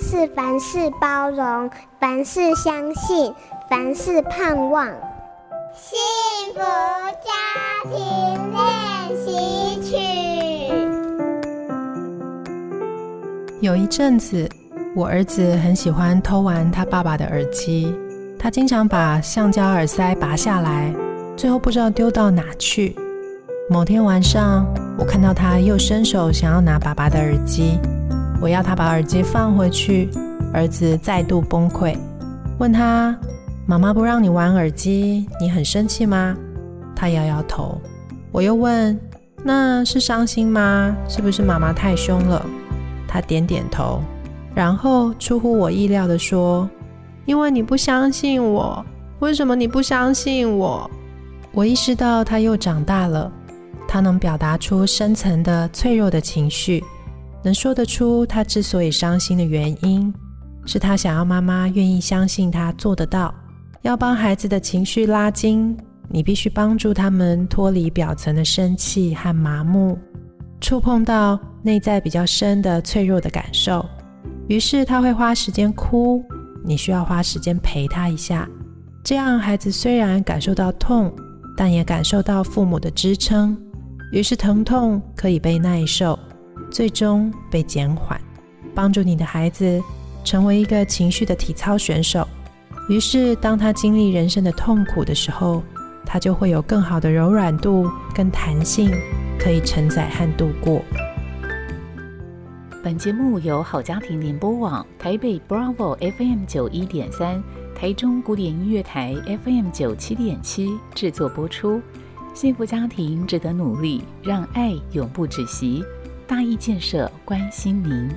是凡事包容，凡事相信，凡事盼望。幸福家庭練習曲。有一陣子，我兒子很喜歡偷玩他爸爸的耳機，他經常把橡膠耳塞拔下來，最後不知道丟到哪去。某天晚上，我看到他又伸手想要拿爸爸的耳機。我要他把耳機放回去，兒子再度崩潰。問他：“媽媽不讓你玩耳機，你很生氣嗎？”他搖搖頭。我又問：“那是傷心嗎？是不是媽媽太凶了？”他點點頭，然後出乎我意料地說：“因為你不相信我，為什麼你不相信我？”我意識到他又長大了，他能表達出深層的脆弱的情緒。能說得出他之所以傷心的原因，是他想要媽媽願意相信他做得到。要幫孩子的情緒拉筋，你必須幫助他們脫離表層的生氣和麻木，觸碰到內在比較深的脆弱的感受。於是他會花時間哭，你需要花時間陪他一下。這樣孩子雖然感受到痛，但也感受到父母的支撐，於是疼痛可以被耐受。最終被減緩，幫助你的孩子成為一個情緒的體操選手。於是，當他經歷人生的痛苦的時候，他就會有更好的柔軟度跟彈性，可以承載和度過。本節目由好家庭聯播網、台北 Bravo FM 九一點三、台中古典音樂台 FM 九七點七制作播出。幸福家庭值得努力，讓愛永不止息。大邑建設關心您。